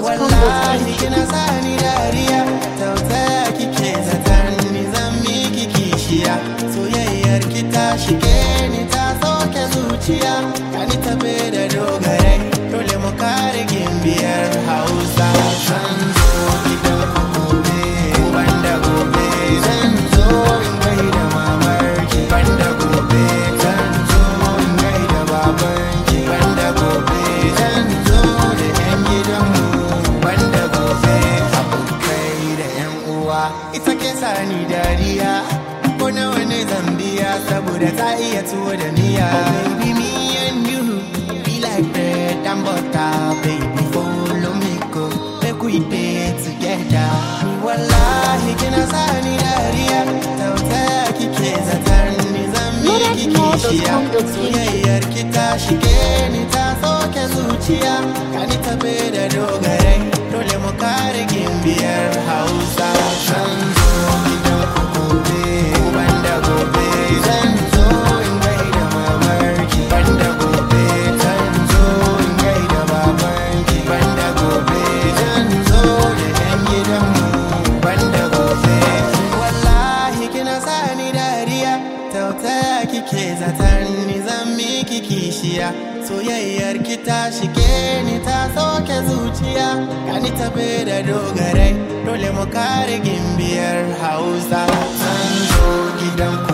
wallahi na sani dariya tausaya kike zatar zan miki kishiya soyayyar ta shige ni ta soke zuciya ani da dogare dole mu kare biyar hausa san gidan gobe gobe zo kowa ita ke ni dariya ko na wani zambiya saboda ta iya tuwo da miya baby me and you be like bread and butter baby follow me go make we dey together wallahi kina sani dariya tautaya kike zatar ni zambi kike shiya soyayyar kita shige ni ta soke zuciya ka ni tabe da dogare ta kike zatar ni zan miki kishiya soyayyar ki ta shige ni ta soke zuciya ka ni tafe da dogarai dole mu kare gimbiyar hausa zan zo gidanku